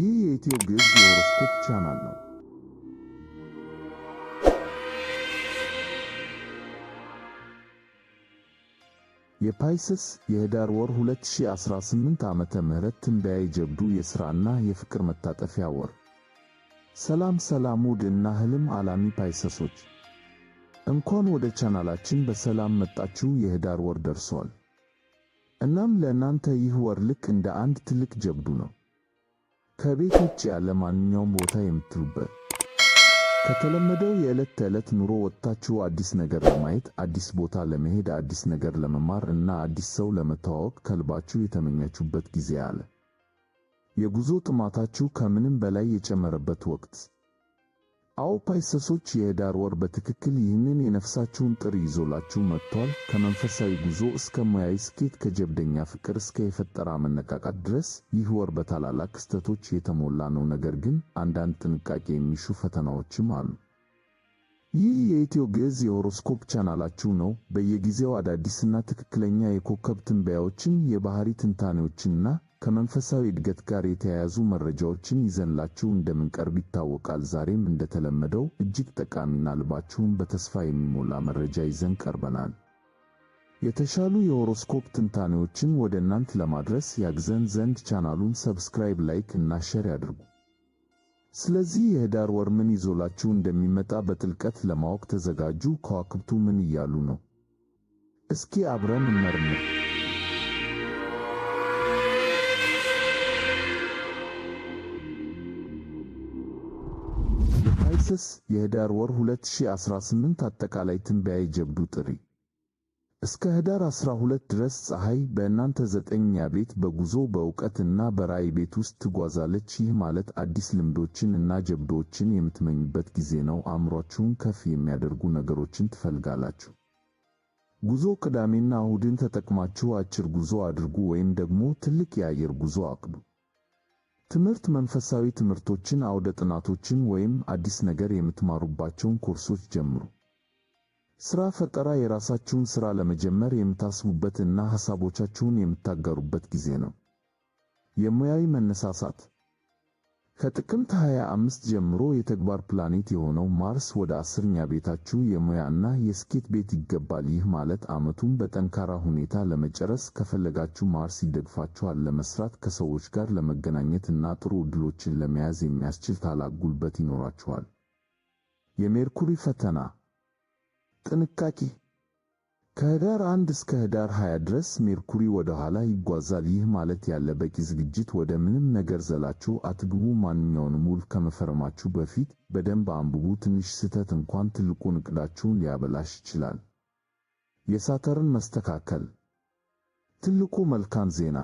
ይህ የኢትዮ ግዕዝ የሆሮስኮፕ ቻናል ነው። የፓይሰስ የህዳር ወር 2018 ዓመተ ምህረት ትንበያ ጀብዱ የሥራና የፍቅር መታጠፊያ ወር። ሰላም ሰላም! ውድ እና ህልም አላሚ ፓይሰሶች እንኳን ወደ ቻናላችን በሰላም መጣችሁ። የህዳር ወር ደርሷል። እናም ለእናንተ ይህ ወር ልክ እንደ አንድ ትልቅ ጀብዱ ነው። ከቤት ውጭ ያለ ማንኛውም ቦታ የምትሉበት ከተለመደው የዕለት ተዕለት ኑሮ ወጥታችሁ አዲስ ነገር ለማየት፣ አዲስ ቦታ ለመሄድ፣ አዲስ ነገር ለመማር እና አዲስ ሰው ለመተዋወቅ ከልባችሁ የተመኛችሁበት ጊዜ አለ። የጉዞ ጥማታችሁ ከምንም በላይ የጨመረበት ወቅት አዎ ፓይሰሶች የኅዳር ወር በትክክል ይህንን የነፍሳችሁን ጥሪ ይዞላችሁ መጥቷል። ከመንፈሳዊ ጉዞ እስከ ሙያዊ ስኬት፣ ከጀብደኛ ፍቅር እስከ የፈጠራ መነቃቃት ድረስ ይህ ወር በታላላቅ ክስተቶች የተሞላ ነው። ነገር ግን አንዳንድ ጥንቃቄ የሚሹ ፈተናዎችም አሉ። ይህ የኢትዮ ግዕዝ የሆሮስኮፕ ቻናላችሁ ነው። በየጊዜው አዳዲስና ትክክለኛ የኮከብ ትንበያዎችን፣ የባሕሪ ትንታኔዎችንና ከመንፈሳዊ እድገት ጋር የተያያዙ መረጃዎችን ይዘንላችሁ እንደምንቀርብ ይታወቃል። ዛሬም እንደተለመደው እጅግ ጠቃሚና ልባችሁን በተስፋ የሚሞላ መረጃ ይዘን ቀርበናል። የተሻሉ የሆሮስኮፕ ትንታኔዎችን ወደ እናንት ለማድረስ ያግዘን ዘንድ ቻናሉን ሰብስክራይብ፣ ላይክ እና ሼር ያድርጉ። ስለዚህ የህዳር ወር ምን ይዞላችሁ እንደሚመጣ በጥልቀት ለማወቅ ተዘጋጁ። ከዋክብቱ ምን እያሉ ነው? እስኪ አብረን እንመርምር። መክሰስ የህዳር ወር 2018 አጠቃላይ ትንበያ የጀብዱ ጥሪ እስከ ህዳር 12 ድረስ ፀሐይ በእናንተ ዘጠኛ ቤት በጉዞ በእውቀትና በራይ ቤት ውስጥ ትጓዛለች። ይህ ማለት አዲስ ልምዶችን እና ጀብዶችን የምትመኝበት ጊዜ ነው። አእምሯችሁን ከፍ የሚያደርጉ ነገሮችን ትፈልጋላችሁ። ጉዞ ቅዳሜና እሁድን ተጠቅማችሁ አጭር ጉዞ አድርጉ ወይም ደግሞ ትልቅ የአየር ጉዞ አቅዱ። ትምህርት መንፈሳዊ ትምህርቶችን፣ አውደ ጥናቶችን ወይም አዲስ ነገር የምትማሩባቸውን ኮርሶች ጀምሩ። ሥራ ፈጠራ የራሳችሁን ሥራ ለመጀመር የምታስቡበት እና ሐሳቦቻችሁን የምታጋሩበት ጊዜ ነው። የሙያዊ መነሳሳት ከጥቅምት 25 ጀምሮ የተግባር ፕላኔት የሆነው ማርስ ወደ አስርኛ ቤታችሁ የሙያና የስኬት ቤት ይገባል። ይህ ማለት ዓመቱን በጠንካራ ሁኔታ ለመጨረስ ከፈለጋችሁ ማርስ ይደግፋችኋል። ለመስራት፣ ከሰዎች ጋር ለመገናኘት እና ጥሩ ዕድሎችን ለመያዝ የሚያስችል ታላቅ ጉልበት ይኖራችኋል። የሜርኩሪ ፈተና ጥንቃቄ ከህዳር አንድ እስከ ህዳር 20 ድረስ ሜርኩሪ ወደ ኋላ ይጓዛል። ይህ ማለት ያለ በቂ ዝግጅት ወደ ምንም ነገር ዘላችሁ አትግቡ። ማንኛውንም ውል ከመፈረማችሁ በፊት በደንብ አንብቡ። ትንሽ ስህተት እንኳን ትልቁን እቅዳችሁን ሊያበላሽ ይችላል። የሳተርን መስተካከል ትልቁ መልካም ዜና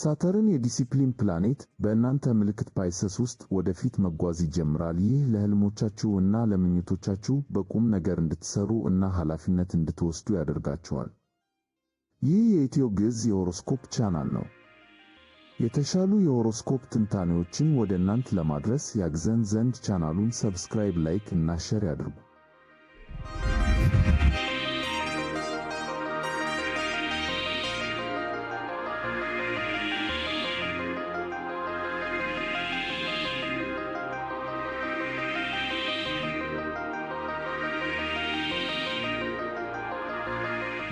ሳተርን የዲሲፕሊን ፕላኔት በእናንተ ምልክት ፓይሰስ ውስጥ ወደፊት መጓዝ ይጀምራል። ይህ ለሕልሞቻችሁ እና ለምኞቶቻችሁ በቁም ነገር እንድትሰሩ እና ኃላፊነት እንድትወስዱ ያደርጋችኋል። ይህ የኢትዮ ግዕዝ የሆሮስኮፕ ቻናል ነው። የተሻሉ የሆሮስኮፕ ትንታኔዎችን ወደ እናንት ለማድረስ ያግዘን ዘንድ ቻናሉን ሰብስክራይብ፣ ላይክ እና ሼር ያድርጉ።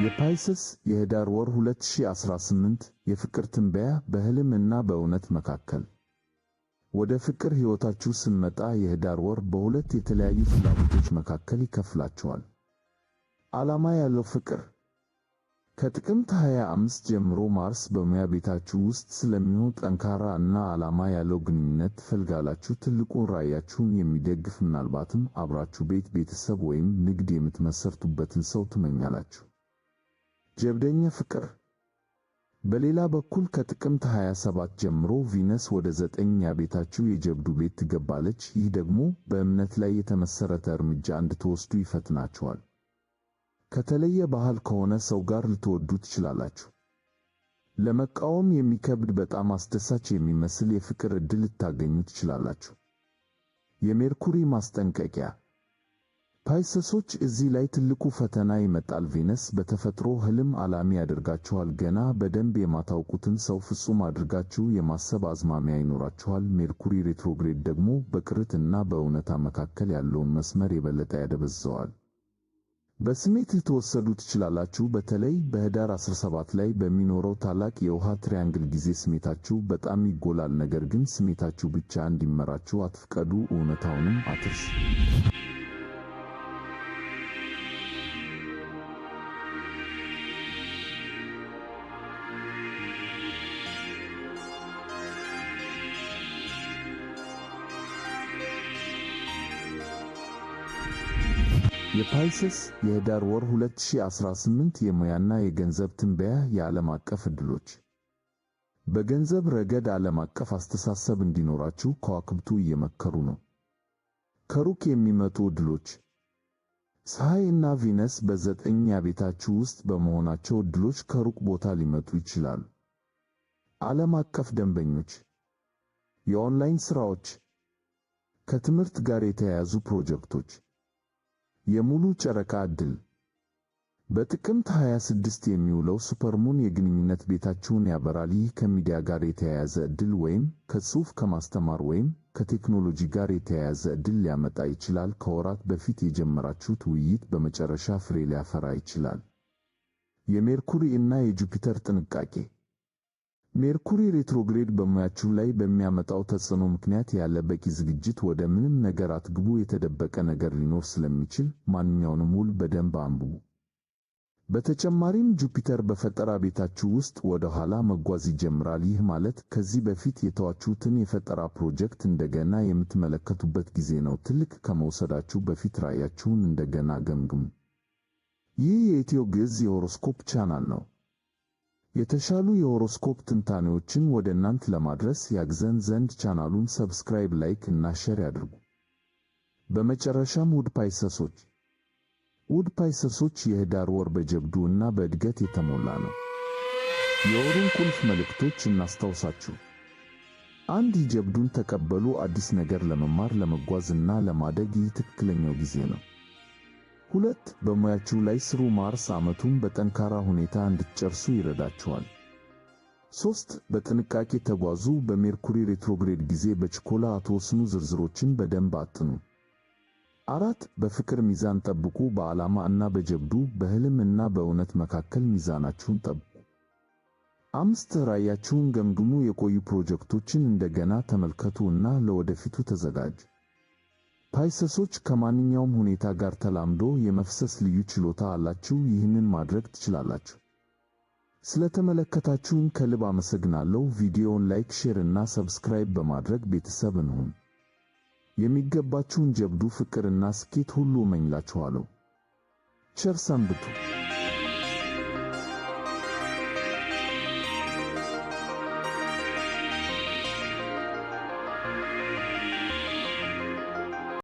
የፓይሰስ የህዳር ወር 2018 የፍቅር ትንበያ በህልምና እና በእውነት መካከል። ወደ ፍቅር ሕይወታችሁ ስንመጣ የህዳር ወር በሁለት የተለያዩ ፍላጎቶች መካከል ይከፍላችኋል። ዓላማ ያለው ፍቅር ከጥቅምት 25 ጀምሮ ማርስ በሙያ ቤታችሁ ውስጥ ስለሚሆን ጠንካራ እና ዓላማ ያለው ግንኙነት ትፈልጋላችሁ። ትልቁን ራዕያችሁን የሚደግፍ ምናልባትም አብራችሁ ቤት፣ ቤተሰብ ወይም ንግድ የምትመሰርቱበትን ሰው ትመኛላችሁ። ጀብደኛ ፍቅር በሌላ በኩል ከጥቅምት 27 ጀምሮ ቪነስ ወደ ዘጠኝ ያቤታችሁ የጀብዱ ቤት ትገባለች። ይህ ደግሞ በእምነት ላይ የተመሰረተ እርምጃ እንድትወስዱ ይፈትናችኋል። ከተለየ ባህል ከሆነ ሰው ጋር ልትወዱ ትችላላችሁ። ለመቃወም የሚከብድ በጣም አስደሳች የሚመስል የፍቅር ዕድል ልታገኙ ትችላላችሁ። የሜርኩሪ ማስጠንቀቂያ ፓይሰሶች እዚህ ላይ ትልቁ ፈተና ይመጣል። ቬነስ በተፈጥሮ ህልም አላሚ ያደርጋችኋል። ገና በደንብ የማታውቁትን ሰው ፍጹም አድርጋችሁ የማሰብ አዝማሚያ ይኖራችኋል። ሜርኩሪ ሬትሮግሬድ ደግሞ በቅርት እና በእውነታ መካከል ያለውን መስመር የበለጠ ያደበዘዋል። በስሜት ልትወሰዱ ትችላላችሁ። በተለይ በህዳር 17 ላይ በሚኖረው ታላቅ የውሃ ትሪያንግል ጊዜ ስሜታችሁ በጣም ይጎላል። ነገር ግን ስሜታችሁ ብቻ እንዲመራችሁ አትፍቀዱ፣ እውነታውንም አትርሱ። የፓይሰስ የህዳር ወር 2018 የሙያና የገንዘብ ትንበያ የዓለም አቀፍ ዕድሎች። በገንዘብ ረገድ ዓለም አቀፍ አስተሳሰብ እንዲኖራችሁ ከዋክብቱ እየመከሩ ነው። ከሩቅ የሚመጡ ዕድሎች። ፀሐይ እና ቪነስ በዘጠኝ ቤታችሁ ውስጥ በመሆናቸው ዕድሎች ከሩቅ ቦታ ሊመጡ ይችላሉ። ዓለም አቀፍ ደንበኞች፣ የኦንላይን ሥራዎች፣ ከትምህርት ጋር የተያያዙ ፕሮጀክቶች የሙሉ ጨረቃ ዕድል በጥቅምት 26 የሚውለው ሱፐርሙን የግንኙነት ቤታችሁን ያበራል። ይህ ከሚዲያ ጋር የተያያዘ ዕድል ወይም ከጽሑፍ ከማስተማር ወይም ከቴክኖሎጂ ጋር የተያያዘ ዕድል ሊያመጣ ይችላል። ከወራት በፊት የጀመራችሁት ውይይት በመጨረሻ ፍሬ ሊያፈራ ይችላል። የሜርኩሪ እና የጁፒተር ጥንቃቄ ሜርኩሪ ሬትሮግሬድ በሙያችሁ ላይ በሚያመጣው ተጽዕኖ ምክንያት ያለ በቂ ዝግጅት ወደ ምንም ነገር አትግቡ። የተደበቀ ነገር ሊኖር ስለሚችል ማንኛውንም ውል በደንብ አንብቡ። በተጨማሪም ጁፒተር በፈጠራ ቤታችሁ ውስጥ ወደ ኋላ መጓዝ ይጀምራል። ይህ ማለት ከዚህ በፊት የተዋችሁትን የፈጠራ ፕሮጀክት እንደገና የምትመለከቱበት ጊዜ ነው። ትልቅ ከመውሰዳችሁ በፊት ራዕያችሁን እንደገና ገምግሙ። ይህ የኢትዮ ግዕዝ የሆሮስኮፕ ቻናል ነው። የተሻሉ የሆሮስኮፕ ትንታኔዎችን ወደ እናንት ለማድረስ ያግዘን ዘንድ ቻናሉን ሰብስክራይብ፣ ላይክ እና ሼር ያድርጉ። በመጨረሻም ውድ ፓይሰሶች ውድ ፓይሰሶች የህዳር ወር በጀብዱ እና በእድገት የተሞላ ነው። የወሩን ቁልፍ መልእክቶች እናስታውሳችሁ። አንድ ጀብዱን ተቀበሉ። አዲስ ነገር ለመማር ለመጓዝ እና ለማደግ ይህ ትክክለኛው ጊዜ ነው። ሁለት በሙያችሁ ላይ ስሩ። ማርስ ዓመቱን በጠንካራ ሁኔታ እንድትጨርሱ ይረዳችኋል። ሶስት በጥንቃቄ ተጓዙ። በሜርኩሪ ሬትሮግሬድ ጊዜ በችኮላ አትወስኑ። ዝርዝሮችን በደንብ አጥኑ። አራት በፍቅር ሚዛን ጠብቁ። በዓላማ እና በጀብዱ በህልም እና በእውነት መካከል ሚዛናችሁን ጠብቁ። አምስት ራዕያችሁን ገምግሙ። የቆዩ ፕሮጀክቶችን እንደገና ተመልከቱ እና ለወደፊቱ ተዘጋጁ። ፓይሰሶች ከማንኛውም ሁኔታ ጋር ተላምዶ የመፍሰስ ልዩ ችሎታ አላችሁ። ይህንን ማድረግ ትችላላችሁ። ስለተመለከታችሁን ከልብ አመሰግናለሁ። ቪዲዮውን ላይክ፣ ሼር እና ሰብስክራይብ በማድረግ ቤተሰብ እንሁን። የሚገባችሁን ጀብዱ፣ ፍቅርና ስኬት ሁሉ እመኝላችኋለሁ። ቸር ሰንብቱ።